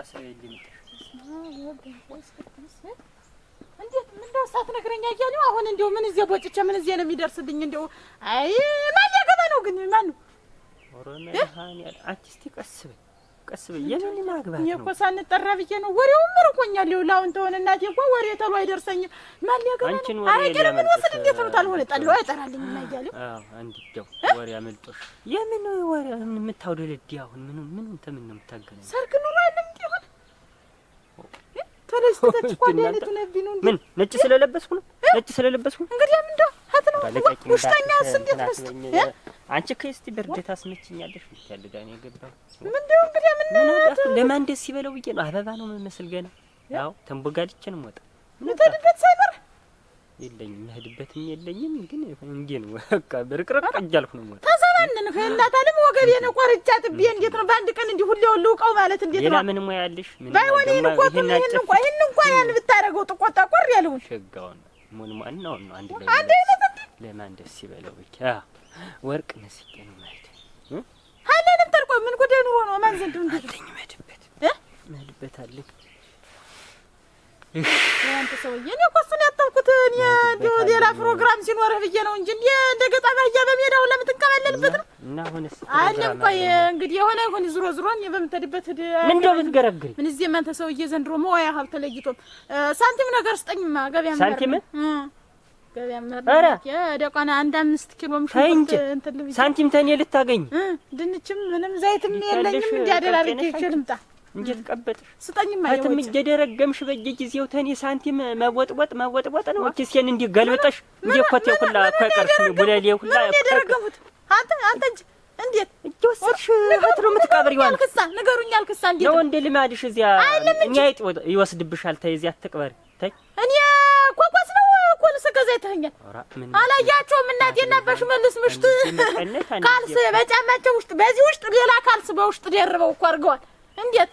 ሳስበው እንዴት እንደው ሳትነግረኝ እያለሁ አሁን እንደው ምን እዚህ ቦጭቼ ምን እዚህ ነው የሚደርስልኝ? እንደው አይ ማን ሊያገባ ነው ግን ማነው? አንቺ እስኪ ቀስ በይ ቀስ በይ፣ የምን ማግባት ነው? እኮ ሳንጠራ ብዬ ነው። ወሬውም ርቆኛል። ይኸውልህ አሁን ተሆነ እናቴ እኮ ወሬ ተሎ አይደርሰኝም። ማን ሊያገባ ነው? አረቄ ነው የምንወስድ እንዴት ነው ታልሆነ ጠላው አይጠራልኝ እና እያለሁ እንዲያው ወሬ አመልጦሽ የምን ወሬ የምታውደለድ አሁን ምኑ ምኑ ተምን ነው የምታገናኝ ሰርግ ኑሮ ምን ነጭ ስለለበስኩ ነው? ነጭ ስለለበስኩ ነው። እንግዲህ ነው እንዴት አንቺ ከስቲ አስመችኛለሽ ምንድነው እንግዲህ ምን ለማን ደስ ይበለው ብዬ ነው። አበባ ነው መመስል ገና ያው ወጣ ሳይበር የለኝም መሄድበትም የለኝም ግን እንዴ ነው በቃ ብርቅርቅ እያልኩ ነው ወጣ ማንን ነው እናታለም? ወገቤን ቆርጬ አጥቤ እንዴት ነው በአንድ ቀን እንዲህ ሁሌ ልውቀው ማለት እንዴት ነው? ለምን ምንም ያልሽ ባይሆን ይህን እኮ ይህን እኮ ይህን እኮ ያን ብታደርገው ጥቆጣ ቆር ያለውን ሸጋውን ምን ማን ነው ነው አንድ ላይ አንድ አይነት እንዴ ለማን ደስ ይበለው ብቻ ወርቅ መስቄ ነው ማለት ሀለንም ተርቆ ምን ጉዳይ ኑሮ ነው ማን ዘንድ እንዴ አለኝ መድበት እ መድበት አለኝ ያንተ ሰውዬ እኔ እኮ እሱን ያጠብኩት እኔ እንደው ሌላ ፕሮግራም ሲኖርህ ብዬ ነው እንጂ እንደ እንደ ገጣ ባህያ በሜዳው ለምትንቀበለልበት ነው። እና አሁንስ አለም ቆይ እንግዲህ የሆነ ይሁን ዙሮ ዙሮ እኔ በምትሄድበት ምን እንደው ብትገረግሪ ምን እዚህ አንተ ሰውዬ ዘንድሮ መዋያ ሀብት ተለይቶም ሳንቲም ነገር ስጠኝማ ገበያ ምናምን ሳንቲም ገበያ አንድ አምስት ኪሎ ሳንቲም ተኔ ልታገኝ ድንችም ምንም ዘይትም የለኝም እንዲያደላርጌ ይችልምጣ እንዴት ቀበጥሽ? ስጠኝማ አትም እየደረገምሽ በየጊዜው ተኔ ሳንቲም መወጥወጥ መወጥወጥ ነው። ኪሴን እንዲህ ገልብጠሽ እንዴ ኮቴ ሁላ ከቀርሽ ነው ጉለሌ ሁላ ያደረገሁት አንተ አንተ እንጂ እንዴት እየወሰድሽ እህት ነው የምትቀብሪው? አልክሳ ንገሩኝ፣ አልክሳ እንዴ ነው እንዴ ልማድሽ? እዚያ እኛ አይጥ ይወስድብሻል። ተይ እዚያ አትቅበሪ። ተይ እኔ ኮኮስ ነው እኮ ልስ ገዛ ይተኛል። አላያቸውም እናቴና በሽመልስ ምሽት ካልስ በጫማቸው ውስጥ በዚህ ውስጥ ሌላ ካልስ በውስጥ ደርበው እኮ አድርገዋል። እንዴት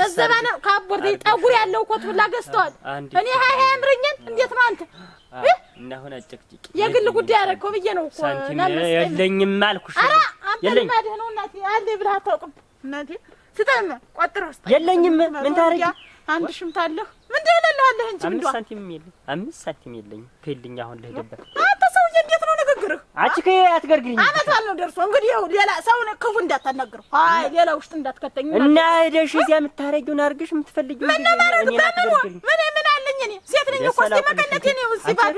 መዘባ ነው ካቦርዴ ጠጉር ያለው ኮት ሁላ ገዝተዋል። እኔ ሀይ ሀይ አምረኛል። እንዴት ነው አንተ እና አሁን አጨቅጭቅ የግል ጉዳይ አደረከው ብዬ ነው ሳንቲም የለኝም አልኩሽ። ኧረ አንተ ልማድህ ነው እናቴ አለ ብለህ አታውቅም። እናቴ ስጠን ቆጥሮ ውስጥ የለኝም ምን ታረጊ አንድ ሽምታለህ ምንድን እልልሃለሁ እንጂ አምስት ሳንቲም የለኝ አምስት ሳንቲም የለኝ ትይልኝ አሁን ልሄድበት አንቺ ከየት አመት አለ ደርሶ እንግዲህ ይኸው ሌላ ነው። ክፉ እንዳታናግረው። አይ ሌላ ውስጥ እንዳትከተኝ እና ሄደሽ እዚያ የምታረጊውን አድርግሽ የምትፈልጊው ምን ምን አለኝ እኔ ሴት ነኝ እኮ እስኪ መቀነት ነው እዚህ ባዶ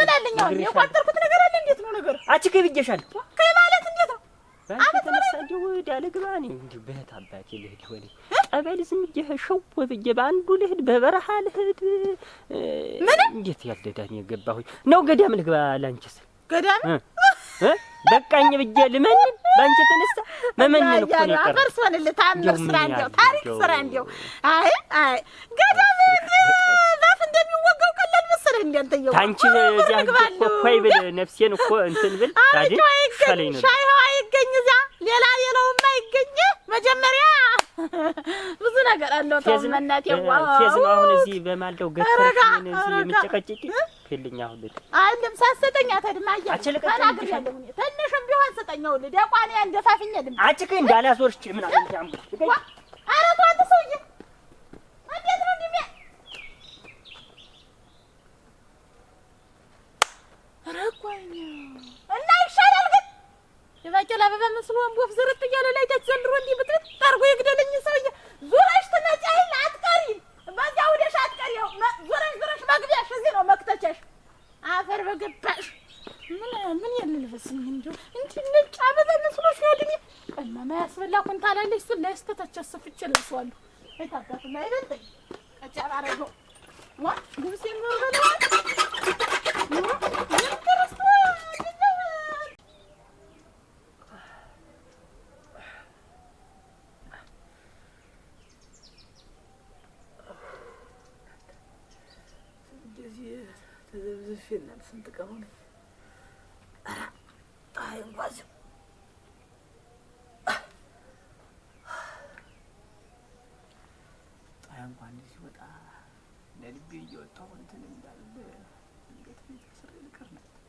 ምን አለኝ አሁን የቋጠርኩት ነገር አለ። እንዴት ነው ነገር? አንቺ ብዬሻለሁ። ከይ ማለት እንዴት ነው? አመት በህት አባቴ ዝም ምን እንዴት ነው ገዳም ልግባ ላንቺስ ገዳም በቃኝ ብዬ ልመንን በአንቺ የተነሳ መመንን እኮ ነው የቀረው። አፈርሶን ልታምር ስራ እንደው ታሪክ ስራ እንደው አይ አይ ገዳም ዛፍ እንደሚወጋው ቀላል መሰለህ? እንደ አንተ እየው ታንቺ እዚያ እኮ ኳይ ብል ነፍሴን እኮ እንትን ብል ታዲያ አይገኝ ሻይ አይገኝ እዚያ ሌላ የለውም አይገኝ መጀመሪያ ብዙ ነገር አለው። ተው መናቴዋ ፌዝ ነው። አሁን እዚህ በማልደው ምን እዚህ የምጨቀጭቂ አትልኝ አሁን አይደለም ሳትሰጠኝ አትሄድም። አያለሁ ተናግሬያለሁ። እኔ ትንሽም ቢሆን ስጠኝ። ይኸውልህ ደቋን ያን ገፋፊኝ። አይደለም አጭቄ እንዳላዞርሽ ምን አለ ላይ እስከታች አሰፍቼ ዋ እንደዚህ ተዘብዝፌ እናል ስንት ቀን ሆነኝ። እንኳን ሲወጣ ለልቤ እየወጣሁ እንትን እንዳለ እንዴት ቤት ስር ልቅር ነበር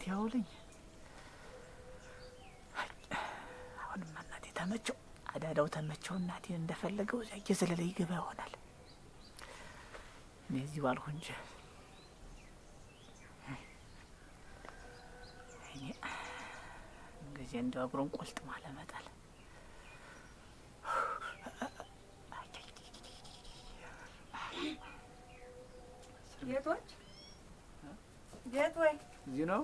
እናቴ ያውልኝ። አሁንማ እናቴ ተመቸው፣ አዳዳው ተመቸው። እናቴን እንደፈለገው እዚያ እየዘለለ ይገባ ይሆናል። እኔ እዚህ አልሁ እንጂ ጊዜ እንደው ቆልጥ ቆልጥማ ለመጣል ጌቶች ጌት ወይ እዚህ ነው።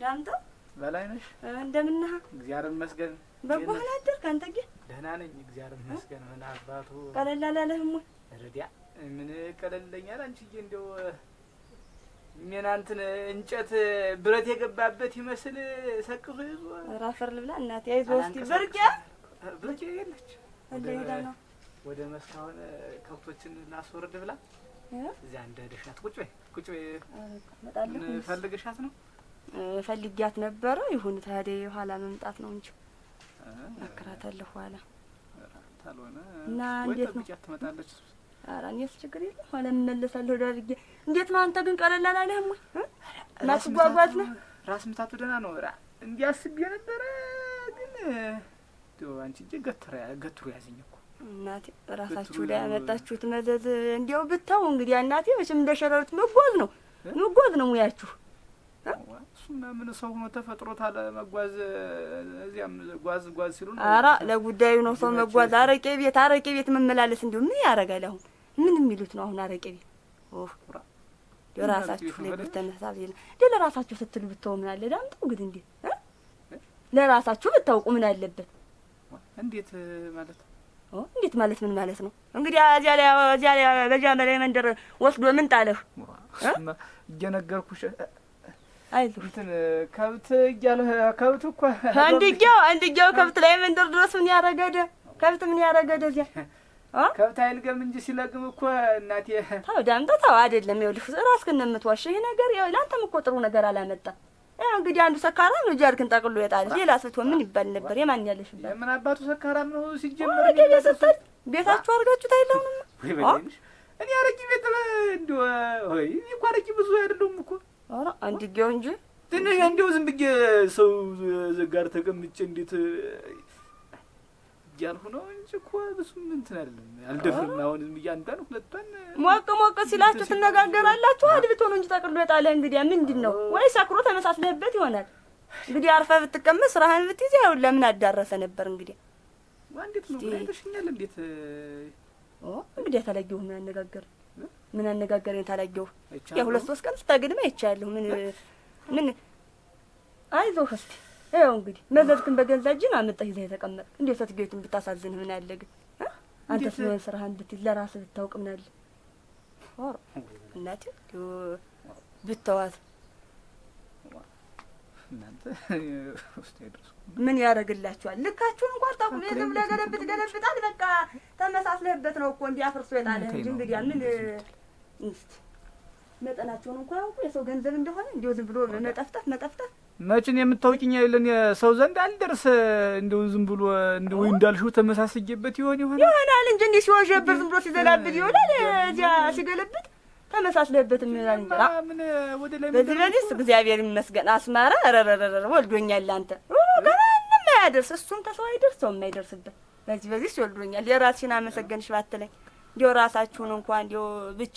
ዳምጠው በላይ ነሽ? እንደምን ነህ? እግዚአብሔር ይመስገን። በጎህን አደርክ አንተ? ግን ደህና ነኝ እግዚአብሔር ይመስገን። ምን አባቱ ቀለል አላለህም ወይ? ረዲያ ምን ቀለለኛል? አንቺዬ እንደው ምን እንጨት ብረት የገባበት ይመስል ሰቅዞ ይዞ ኧረ ልብላ እናቴ። አይዞህ እስኪ ብርቄ ብርቄ የለች ወደ መስካሁን ከብቶችን ላስወርድ ብላ እዚያ እንዳደሻት ቁጭ በይ ቁጭ በይ ፈልግሻት ነው ፈልጊያት ነበረ። ይሁን ታዲያ የኋላ መምጣት ነው እንጂ አከራተልህ ኋላ እና እንዴት ነው ትመጣለች? ኧረ እኔስ ችግር የለም ኋላ እንመለሳለሁ ዳርጌ። እንዴት ነው አንተ ግን ቀለል አላለህም ነው ራስ ምታቱ ደህና ነው። ራ እንዲህ አስቤ ነበረ ግን አንቺ ገትሮ ገትሮ ያዘኝ እኮ እናቴ። ራሳችሁ ላይ ያመጣችሁት መዘዝ እንዲያው ብታው እንግዲህ እናቴ መቼም መጓዝ ነው መጓዝ ነው ሙያችሁ እሱማ ምን ሰው ሆኖ ተፈጥሮታ ለመጓዝ እዚያም ጓዝ ጓዝ ሲሉ ነው። ኧረ ለጉዳዩ ነው ሰው መጓዝ። አረቄ ቤት አረቄ ቤት መመላለስ እንዲሁ ምን ያደርጋል? አሁን ምን የሚሉት ነው? አሁን አረቄ ቤት ለራሳችሁ ላይ ብተነሳብ ይል ለራሳችሁ ስትሉ ብታው ምን አለ ዳምጡ እንግዲህ እንዴ ለራሳችሁ ብታውቁ ምን አለበት? እንዴት ማለት እንዴት ማለት ምን ማለት ነው? እንግዲህ እዚያ ላይ እዚያ ላይ በዚያ ላይ መንደር ወስዶ ምን ጣለህ? እየነገርኩሽ አይዞ እንትን ከብት እያለሁ ከብት እኮ አንድያው አንድያው ከብት ላይ መንደር ድረስ ምን ያረገደ ከብት ምን ያረገደ እዚያ ከብት አይልገም እንጂ ሲለግም እኮ እናቴ ተው ዳምጠ ተው አይደለም ይኸውልህ እራስህን ነው የምትዋሽ ይሄ ነገር ለአንተም እኮ ጥሩ ነገር አላመጣም ያው እንግዲህ አንዱ ሰካራም ልጅ አድርግን ጠቅሎ ይጣል ሌላ ሰቶ ምን ይባል ነበር የማን ያለሽ ይባል ምን አባቱ ሰካራም ነው ሲጀምር ወደ ስትል ቤታችሁ አድርጋችሁ ታይለውንም እኔ አረቂ ቤት እንደ ወይ እኔ እኮ አረቂ ብዙ አይደለሁም እኮ ኧረ አንድዬው እንጂ ትንሽ እንዲሁ ዝም ብዬ ሰው ዘጋር ተቀምጬ እንዴት እያልሁ ነው እንጂ እኮ ብዙም እንትን አይደለም። አልደፍርም። አሁን ዝም ብዬ አንዷን ሁለቷን ሞቅ ሞቅ ሲላችሁ ትነጋገራላችሁ። አድብቶ ነው እንጂ ጠቅልሎ የጣለህ እንግዲያ ምንድን ነው? ወይ ሰክሮ ተመሳስለህበት ይሆናል። እንግዲህ አርፈህ ብትቀመጥ ስራህን ብትይዝ ያው ለምን አዳረሰ ነበር እንግዲህ እንዴት ነው ተሽኛል? እንዴት እንግዲህ ነው ያነጋገር ምን አነጋገረኝ ታላየሁ። የሁለት ሶስት ቀን ስታገድም አይቻለሁ። ምን ምን አይዞህ እስቲ ያው እንግዲህ መዘዝክን በገዛ እጅን አመጣህ ይዘህ የተቀመጥክ እንዴ ሰትጌቱን ብታሳዝንህ ምን አለ ግን አንተስ ምን ስራህን ብትይ ለራስህ ብታውቅ ምን አለ እናቴ ብተዋት እናንተ ውስጥ ምን ያደርግላችኋል? ልካችሁን እንኳን ታቁ። ቤትም ለገለብጥ ገለብጣል። በቃ ተመሳስለህበት ነው እኮ አፍርሶ የጣለ እንጂ እንግዲያ ምን እስቲ መጠናቸውን እንኳ ያውቁ። የሰው ገንዘብ እንደሆነ እንዲሁ ዝም ብሎ መጠፍጠፍ መጠፍጠፍ መችን የምታውቂኝ የለን የሰው ዘንድ አልደርስ እንደው ዝም ብሎ እንደ ወይ እንዳልሽው ተመሳስጌበት ይሆን ይሆናል ይሆናል እንጂ እንዲህ ሲወዠብር ዝም ብሎ ሲዘላብት ይሆናል እዚያ ሲገለብጥ ተመሳስለበት የሚሆን እንጀራ በዚህ በዚህ እግዚአብሔር ይመስገን አስማረ ረረረረ ወልዶኛል። አንተ ገና የማያደርስ እሱም ተሰው አይደርስ ሰው የማይደርስበት በዚህ በዚህ ወልዶኛል። የራስሽን አመሰገንሽ ባትለኝ እንዲያው ራሳችሁን እንኳን እንዲያው ብች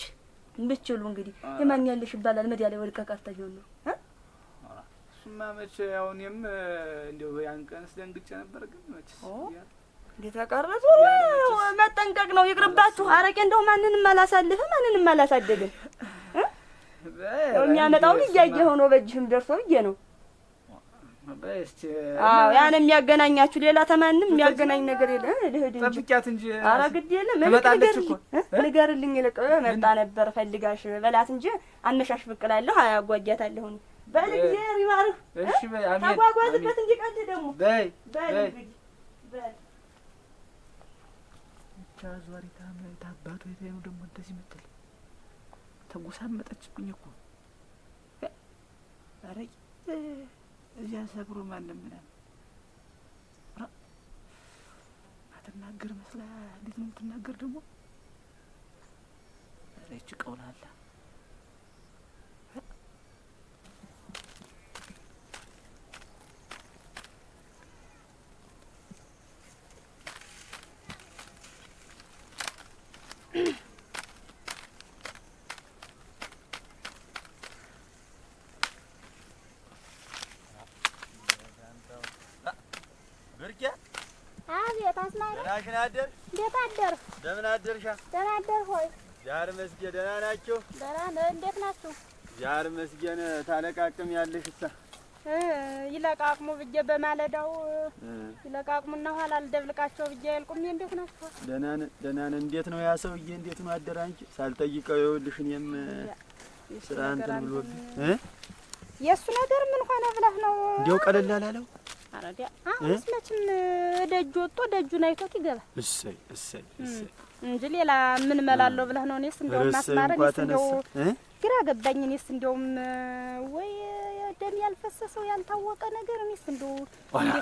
ብችሉ እንግዲህ የማንኛልሽ ይባላል። መዲያ ላይ ወድቀህ ቀርተህ ይሆን ነው እሱማ መቼ ያው እኔም እንዲያው ያን ቀን ስደንግጬ ነበር ግን መቼስ የተቀረጹ መጠንቀቅ ነው። ይቅርባችሁ። አረቄ እንደው ማንንም አላሳልፍም፣ ማንንም አላሳደግም። የሚያመጣውን እያየኸው ነው። በእጅህም ደርሶ ብዬ ነው። አዎ ያን የሚያገናኛችሁ ሌላ ተማንም የሚያገናኝ ነገር የለም። ልሂድ እንጂ ኧረ ግድ የለም ንገርልኝ። ይልቅ መጣ ነበር ፈልጋሽ በላት እንጂ አነሻሽ ብቅ እላለሁ አያጓጊያታለሁ በል ጊዜ ይባርህ። ተጓጓዝበት እንዲቀልህ ደግሞ በል በል ያዟሪ ታባቱ የተለዩ ደግሞ እንደዚህ ምትል ተጎሳመጠችብኝ እኮ አረቂ እዚያ ሰብሮ ማለም ምናምን አትናገር መስላ እንዴት ነው የምትናገር ደግሞ? እቺ ቀውላላ ናሽን አደር እንዴት አደር አደርሻ? ደህና አደር ሆይ ዛር ደህና ናቸው? ደህና እንዴት ናችሁ? ዛር መስጌን ታለቃቅም ያለሽ እሳ ይለቃቅሙ ብዬ በማለዳው ይለቃቅሙና ኋላ ልደብልቃቸው ብዬ እንዴት ናችሁ? ደህና ነን ደህና ነን። እንዴት ነው ያ ሰውዬ እንዴት ነው አደር አንቺ ሳልጠይቀው ይኸውልሽ እኔም ስራ እንትን ብሎብኝ የእሱ ነገር ምን ሆነ ብለህ ነው እንዲያው ቀለል አላለው አሁንስ መቼም ደጅ ወጥቶ ደጁን አይቶት ይገባል። እሰይ እሰይ እሰይ እንጂ ሌላ ምን መላለው ብለህ ነው? እኔስ እንደውም ማስማረን እንደው ግራ ገባኝ። እኔስ እንደውም ወይ ደም ያልፈሰሰው ያልታወቀ ነገር እኔስ እንደው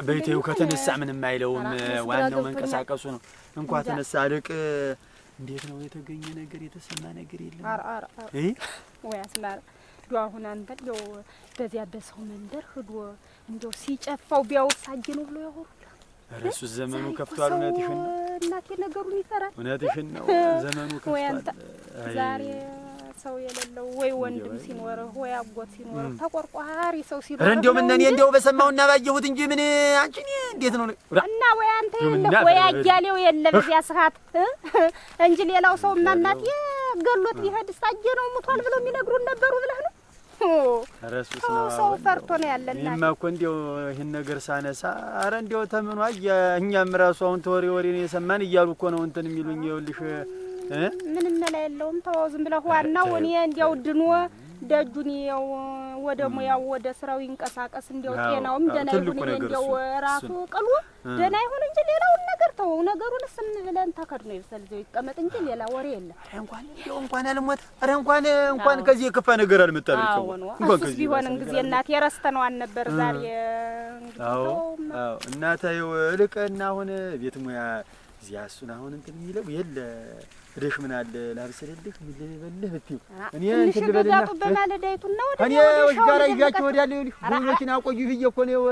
በይተው ከተነሳ ምንም አይለውም። ዋናው መንቀሳቀሱ ነው። እንኳ ተነሳ አልቅ እንዴት ነው የተገኘ ነገር የተሰማ ነገር የለም። አረ አረ ወይ አስማረ ሂዶ አሁን አንበለው በዚያ በሰው መንደር እንደው ሲጨፋው ቢያውሳጅ ነው ብሎ ያወሩላ። እሱ ዘመኑ ከፍቷል። እውነትሽን ነው እናቴ፣ ነገሩን ይፈራል። እውነትሽን ነው ዘመኑ ከፍቷል። ዛሬ ሰው የሌለው ወይ ወንድም ሲኖርህ ወይ አጎት ሲኖርህ ተቆርቋሪ ሰው ሲኖርህ እንደው ምን እኔ እንደው በሰማሁና ባየሁት እንጂ ምን አንቺ እንዴት ነው እና ወይ አንተ ወይ አያሌው የለ በዚያ ሰዓት እንጂ ሌላው ገሎት ነው ሙቷል ብለው የሚነግሩን ነበሩ ብለህ ሰው ፈርቶ ነው ያለና እኔማ እኮ እንዲያው ይህን ነገር ሳነሳ አረ እንዲያው ተምኗ እኛም ራሱ አሁን ተወሬ ወሬ ነው የሰማን እያሉ እኮ ነው እንትን የሚሉኝ። ይኸውልሽ ምንም መላ የለውም። ተወው ዝም ብለህ ዋናው እኔ እንዲያው ድኖ ደጁን ይኸው ወደ ሙያው ወደ ስራው ይንቀሳቀስ። እንዲያው ጤናውም ደህና ይሁን፣ እንዲያው ራሱ ቅሉ ደህና ይሁን እንጂ ሌላውን ነገር ተወው። ነገሩን ስም ብለን ተከድኖ ይብሰል ዘው ይቀመጥ እንጂ ሌላ ወሬ የለም። ኧረ እንኳን እንዲያው እንኳን አልሞት፣ ኧረ እንኳን እንኳን ከዚህ የከፋ ነገር አልመጣብኝ። አዎ እሱስ ቢሆንም ጊዜ እናቴ ረስተነዋል ነበር ዛሬ። አዎ አዎ እናታዬው ልቀና አሁን ቤት ሙያ እዚያ እሱን አሁን እንትን የሚለው የለ እደሽ ምን አለ ላብስልልህ ምን ልበልህ ብትይው እኔ እንትን ልበልና እኔ ወሽ ጋራ ይዣቸው እሄዳለሁ። ይኸውልሽ ጉልበቴን አቆዩ ብዬ እኮ ነው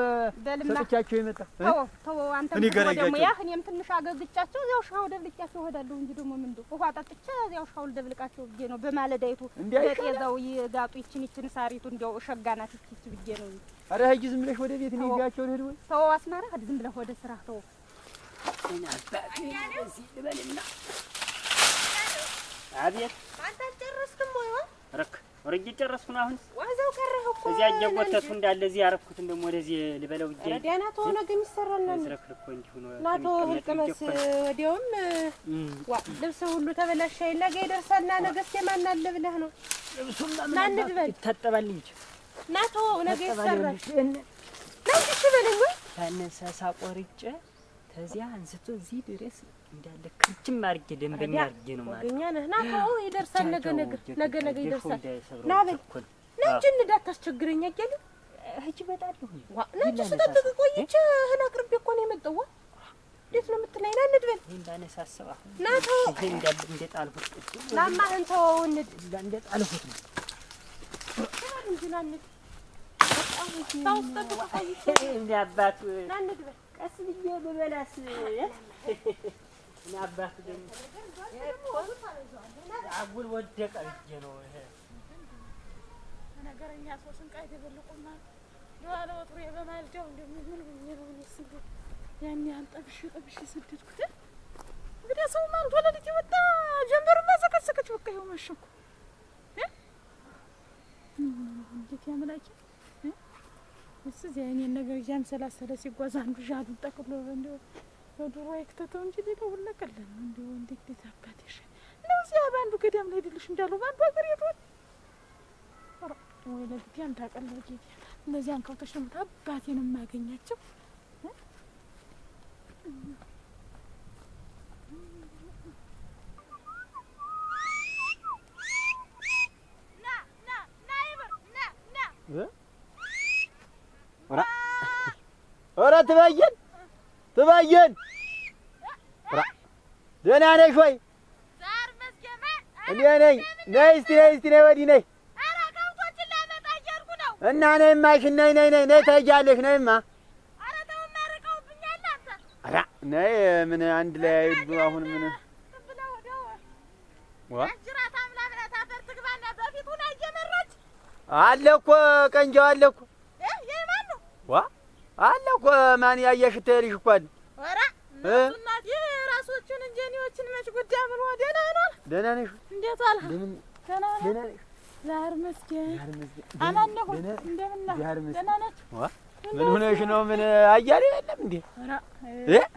ሰጥቻቸው የመጣሁ። ተወው ተወው አንተ ደግሞ ያ እኔም ትንሽ አገግጫቸው እዚያው ሻው ደብልቂያቸው እሄዳለሁ እንጂ ደግሞ ምን እንደው ውሃ ጠጥቼ እዚያው ሻው ደብልቃቸው ብዬ ነው በማለዳይቱ በጤዛው ይጋጡ ይችን ይችን ሳሪቱ እንዲያው ሸጋናት ይች ብዬ ነው። ኧረ ሂጂ ዝም ብለሽ ወደ ቤት እኔ ይዣቸው ልሂድ ወይ ተወው አስመራ ዝም ብለህ ወደ ስራ ተወው። እኔ አባቴ እዚህ ልበልና አቤት አንተ አልጨረስክም ወይ? ረክ ወርጅ ጨረስኩ ነው። አሁን ዋዛው ቀረህ እኮ እዚያ እየጎተቱ እንዳለ እዚህ ያረኩትን ደግሞ ወደዚህ ልበለው እጄ ረዲያና ተሆነ ግን የሚሰራና ዝረክ ልኮ እንዲሁ ነው እና ተው ብልቅመስ ወዲያውም ዋ ልብስ ሁሉ ተበላሻ ነገ ይደርሳልና ነገስ የማን አለ ብለህ ነው ልብሱም ማን ልበል ይታጠባል እንጂ እና ተው ነገ ይሰራል ነው በለኝ ወይ ታነሳሳ ቆርጬ ተዚያ አንስቶ እዚህ ድረስ እንዳለ ክርችም አድርጌ ደንበኛ አድርጌ ነው ማለት ነው። ና ታው ይደርሳል። ነገ ነገ ነገ ነገ ይደርሳል። ና በል ና እንጂ እንዳታስቸግረኝ አያሌው ሂጂ እመጣለሁ። ና እንጂ ስጠብቅ ቆይቼ እህል አቅርቤ እኮ ነው የመጣው። እንዴት ነው የምትለኝ? ና እንሂድ በል። ይሄን ባነሳስባ ና ተው፣ እንዳለ እንደ ጣልሁት ናማ እንተው ተወው፣ እንሂድ እንደ ጣልሁት ነው እንጂ ና እንሂድ እንደ አባቱ ቀስ ብዬ በበላስ እኔ አባት ደግሞ አጉል ወደቀ ልጄ ነው ይሄ ነገረኛ ሰው ስንቃይ የተበልቁና ለዋለ ወጥሮ በማልዳው እንደምን ሆኜ ነው እኔስ እንደው ያን ያን ጠብሽ ጠብሽ የሰደድኩት እንግዲያ ሰው ማን ለልጅ ወጣ ጀንበርማ ዘቀዘቀች። በቃ ይኸው መሸኩ። እንዴት ያመላኪ እስ እዚያ የእኔን ነገር እያምሰላሰለ ሲጓዝ አንዱ ዣሉን ጠቅሎ እንደው በዱሮ የክተተው እንጂ ሌላው ሁላ ቀለል ነው። እንዲ ወንድ ግዴት አባትሽ ነው። እዚያ በአንዱ ገዳም ላይ ድልሽ እንዳለው በአንዱ ሀገር ሄዶት ወይ ለግዲ እንዳቀለ ጌት አንካውቶች ከውቶች ደግሞ አባቴን የማያገኛቸው ኧረ ትበይን እማዬን ደህና ነሽ ወይ? እኔ ነኝ። ነይ እስቲ ነይ እስቲ ነይ ወዲህ ነይ እና ነይ ነይ ነይ ነይ ታያለሽ ነይማ ኧረ ነይ ምን አንድ ላይ አሁን ምን አለ እኮ ቀንጃው አለ እኮ ዋ አለ እኮ ማን ያየሽ ሽታ የልሽ እኮ አለ። ኧረ እነሱ እናቴ የራሶቹን እንጀኔዎችን መች ጉዳይ ብሎ ደህና ነው። ደህና ነሽ? እንዴት አልህ? ደህና ነሽ? ዛር መስገን አላነሁ እንደምና ደህና ነች። ምን ሆነሽ ነው? ምን አያሌ የለም እንዴ?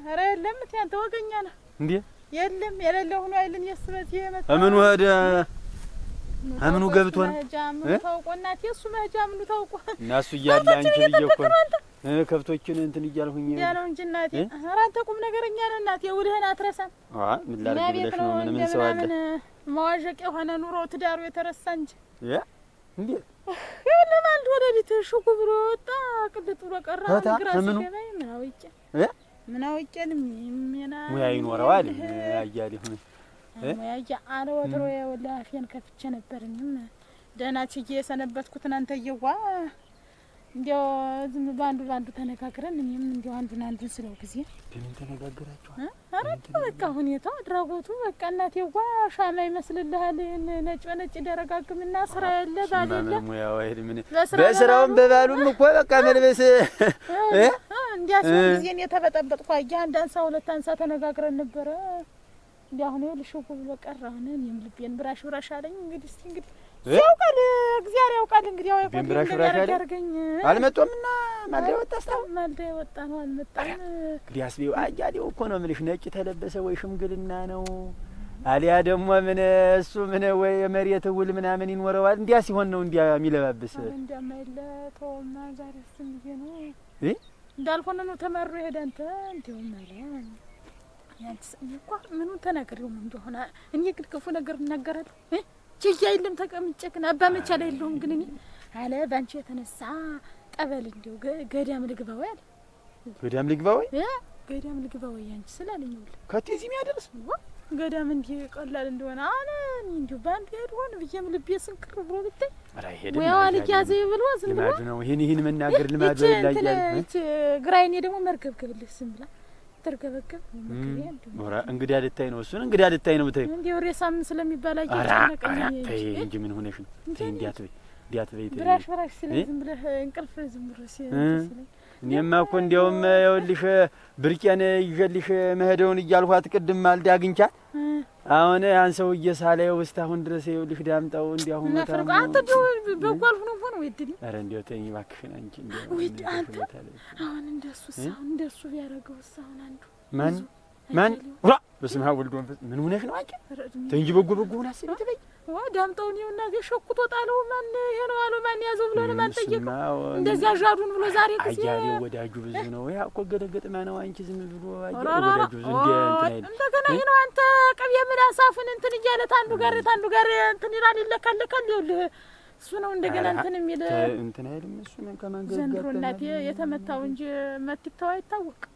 ኧረ የለም ትያንተ ወገኛ ነህ እንዴ? የለም የሌለ ሆኖ አይልን የስበት የመጣ ምን ወደ አምኑ ገብቶ ነው ታውቆ እናቴ እሱ መሄጃ ምኑ ታውቆ እና እሱ እያለ አንቺ ብዬሽ እኮ ነው ከብቶችን እንትን እያልሁኝ ያለው እንጂ እናቴ፣ ኧረ አንተ ቁም ነገረኛ ነህ እናቴ። ውልህን አትረሳም። አይ ምን ላድርግ ብለሽ ነው? ምንም ሰው አለ መዋዠቅ የሆነ ኑሮ ትዳሩ የተረሳ እንጂ ያ እንዴ ይኸውልህ፣ ወደ ቤት ሽጉ ብሎ ወጣ፣ ቅልጥ ብሎ ቀራ። ግራስ ገበይ ምን አውቄ እ ምን አውቄ ምና ሙያ ይኖረዋል አያሌ ሆነ እ ሙያ አለ ወትሮ የወላ አፌን ከፍቼ ነበር። ደህና ችዬ የሰነበትኩት እናንተ እየዋ እንዲያው ዝም በአንዱ በአንዱ ተነጋግረን እኔም እንዲያው አንዱን አንዱን ስለው ጊዜ ምን ተነጋግራችኋል? ኧረ በቃ ሁኔታው አድራጎቱ በቃ እናቴ ጓ ሻማ ይመስልልሃል ነጭ በነጭ ይደረጋግምና ስራ የለ ባል በስራውም በባሉም እኮ በቃ መልበስ እንዲያስ ጊዜ የተበጠበጥኩ አያ አንድ አንሳ ሁለት አንሳ ተነጋግረን ነበረ። እንዲ አሁን ልሽጉ ብሎ ቀረ። አሁን እኔም ልቤን ብራሽ ብራሽ አለኝ። እንግዲህ እስቲ እንግዲህ ያውቃል እግዚአብሔር ያውቃል። እንግዲህ ያው ቤምብራ ሽብራሽ ያደርገኝ አልመጣም እና ማልዳ ወጣ ስታው ማልዳ ወጣ ነው አልመጣም። እንግዲህ አስቤው አያሌው እኮ ነው የምልሽ ነጭ ተለበሰ ወይ ሽምግልና ነው አሊያ ደግሞ ምን እሱ ምን ወይ የመሬት ውል ምናምን ይኖረዋል። እንዲያ ሲሆን ነው እንዲያ የሚለባብስ እንደማይለተውማ ዛሬ ስም ጊዜ ነው እንዳልሆነ ነው ተመሩ ይሄድ አንተ እንዲሁም አለ ያንተ እኮ ምኑን ተናግሬው ምን እንደሆነ እኔ ግን ክፉ ነገር እናገራለሁ ችያ የለም ተቀምጬ ግን አባመቻ ላይ የለሁም ግን እኔ አለ ባንቺ የተነሳ ጠበል እንዲሁ ገዳም ልግባ ወይ አለ። ገዳም ልግባ ወይ ገዳም ልግባ ወይ አንቺ ስላለኝ ሁሉ ከቴ እዚህ የሚያደርስ ገዳም እንዲህ ቀላል እንደሆነ አለ እንዲሁ ባንድ ሄድ ሆን ብዬም ልቤ ስንቅር ብሎ ብታይ ወያዋልያዘ ያዘ ብሎ ዝም ብሎ ልማድ ነው። ይህን ይህን መናገር ልማድ ላይ ያለ ግራይኔ ደግሞ መርገብገብልህ ዝም ብላ አትርገበገብ። እንግዲህ ልታይ ነው እሱን እንግዲህ ልታይ ነው ብታይ እንዲሁ ሬሳም ስለሚባል አየተይ እንጂ ምን ሆነሽ ነው? እንዲህ አትበይ፣ እንዲህ አትበይ። ብራሽ ብራሽ ስለኝ ዝም ብለህ እንቅልፍ ዝም ብሎ ሲለኝ እኔማ እኮ እንዲያውም ይኸውልሽ ብርቄን ይዤልሽ መሄደውን እያልኋት ቅድም ማልዳ አግኝቻት አሁን ያን ሰውዬ ሳላየው እስካሁን ድረስ ይኸውልሽ ዳምጣው እንዲያው ነው። አንተ ዲው በጓልፍ ነው ነው ይድል አረ እንዲያው ተኝ እባክሽን አንቺ እንዲያው አንተ አሁን እንደሱ አሁን እንደሱ ያደረገው አሁን አንዱ ማን ማን በስመ አብ ወልድ ወመንፈስ ምን ሆነሽ ነው አንቺ? ተንጂ በጎ በጎ ሆነ አሰብ ትበይ ዋ ዳምጠውን ይውና ገ ሸኩቶ ጣለው። ማን ይሄ ነው አለው ማን ያዘው ብሎ ነው ማን ጠየቀው። እንደዚያ ዣዱን ብሎ ዛሬ ከዚህ አያሌ ወዳጁ ብዙ ነው። ያ እኮ ገደገጥማ ነው አንቺ ዝም ብሎ ወዳጁ ብዙ እንደ እንትን አይደል እንደገና ይሄ ነው አንተ ቀብ የምላሳፍን እንትን እያለ ታንዱ ጋር ታንዱ ጋር እንትን ይላል ይለካለካል ይውልህ እሱ ነው እንደገና እንትን የሚል እንትን አይልም እሱ ከማን ጋር ዘንድሮ እናቴ የተመታው እንጂ መትተው አይታወቅም።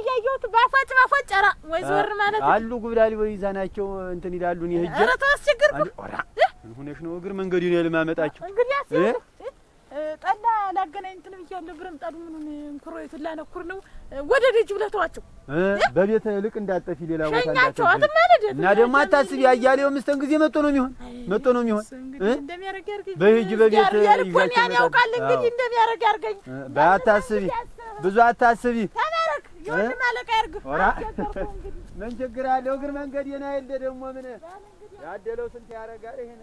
እያየሁት ባፏጭ ባፏጭ ኧረ ወይ ዞር ማለት አሉ ጉብላሊ ወይ ይዛናቸው እንትን ይላሉ። እኔ ሂጅ ኧረ ተው ሆነሽ ነው እግር መንገድ ነው የማመጣቸው። እንግዲያስ ጠላ ላገናኝ እንትን ብያለሁ። ብርም ምኑን እንኩሮይቱን ላነኩር ነው ወደ ደጅ ብለህ ተዋቸው። በቤት ልቅ እንዳጠፊ ሌላ ቦታ እና ደግሞ አታስቢ። አያሌው ምስተን ጊዜ ነው የሚሆን መጥቶ ነው የሚሆን በሂጅ በቤት ያውቃል እንግዲህ ያርገኝ። ብዙ አታስቢ ምን ችግር አለው ግን መንገድ የና የለ ደግሞ ምን ያደለው ስንት ያደርጋል ይሄን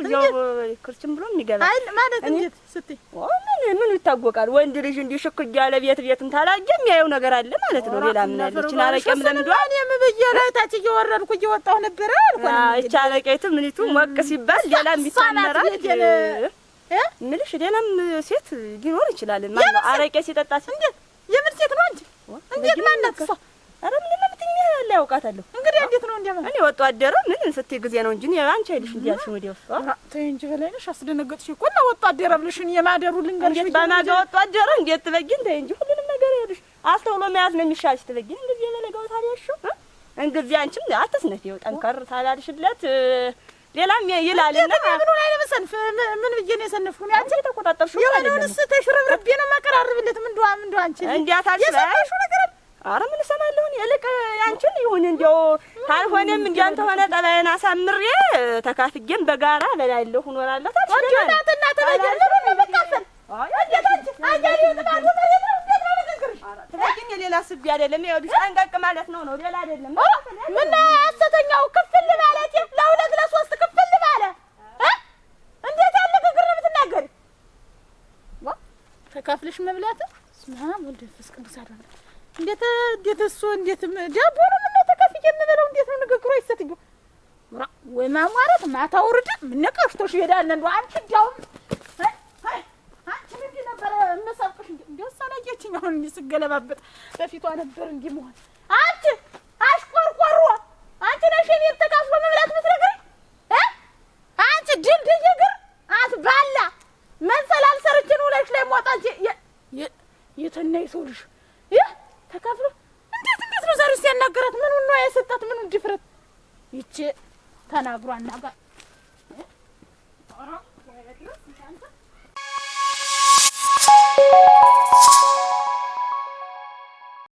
እዚያው ክርስቲን ብሎ የሚገባ አይ ማለት እንዴት ስትይ ምን ምን ይታወቃል? ወንድ ልጅ እንዲህ ሽክ እያለ ቤት ቤትን ታላጀ የሚያየው ነገር አለ ማለት ነው። ሌላ ምን አለ? ይችን አረቄም ለምዷል። እኔም በየላይ ታች እየወረድኩ እየወጣሁ ነበረ አልኳት። ይች አረቄቱ ምኒቱ ሞቅ ሲባል ሌላ የሚታመራል ምልሽ ሌላም ሴት ሊኖር ይችላል ማለት አረቄ ሲጠጣ እንዴት የምን ሴት ነው እንጂ እንዴት ማናት እሷ ኧረ ምን ለምትኝ ያለ ያውቃታለሁ። እንግዲህ እንዴት ነው እንዲያማ እኔ ወጡ አደረ ምን ስትይ ጊዜ ነው እንጂ አንቺ አይልሽ እንጂ ያልሽኝ ወዲያው ተይ እንጂ በላይ ነሽ። አስደነገጥሽኝ እኮ እና ወጡ አደረ ብልሽን የማደሩ ልንገርሽ እንዴት ባናገ ወጡ አደረ እንዴት ትበጊን። ተይ እንጂ ሁሉንም ነገር ይኸውልሽ አስተውሎ መያዝ ነው የሚሻልሽ። ትበጊን እንግዲህ ለነገው ታዲያ እንግዲህ አንቺም አትስነፊ ጠንከር ታላልሽለት ሌላም ይላል እና ምን ሆነ አይደለም ምን ብዬ ነው የሰነፍኩ ነው አንቺ ተቆጣጣሽ። የሆነውን ተሽረብርቤ ነው የማቀራርብለት ምን እንደዋ ምን እንደዋ አንቺ እንዴ ነገር አረ ምን እሰማለሁን? ይልቅ ያንቺን ይሁን እንዲያው ካልሆነም እንዲያው አንተ ሆነ ጠላይን አሳምሬ ተካፍጌም በጋራ እበላለሁ እኖራለሁ። ሌላ ስቢ አይደለም አንቀቅ ማለት ነው ነው ሌላ አይደለም። ምን ክፍል ማለት ለሁለት ለሶስት ክፍል እንዴት ያለ ግግር ነው የምትናገሪው? ተካፍልሽ መብላት ስማ ወልደ ፍስቅ ሳደረ እንዴት እንዴት እሱ እንዴት ዳቦ ነው የምናው ተከፍዬ የምበለው እንዴት ነው ንግግሯ? ይሰትዩ ወይ ማሟረት ማታውርድ ምነቀፍቶሽ ይሄዳል። እንደው አንቺ ዳውም አንቺ ምንድን ነበረ የምሰብቅሽ? እንደው ሳላየችኝ አሁን ስገለባበጥ በፊቷ ነበር እንዲህ መሆን። አንቺ አሽቆርቆሮ አንቺ ነሽ እኔን ተካፍሎ መብላት ምትነግሪኝ? አንቺ ድልድይ እግር አትባላ መንሰላል ሰርችን ውለሽ ላይ ሞጣ የተናይ ሰው ልሽ ተካፍሎ እንዴት እንዴት ነው ዛሬ ሲያናገራት? ምኑ ነው የሰጣት? ምኑ ድፍረት ይቺ ተናግሮ አናጋ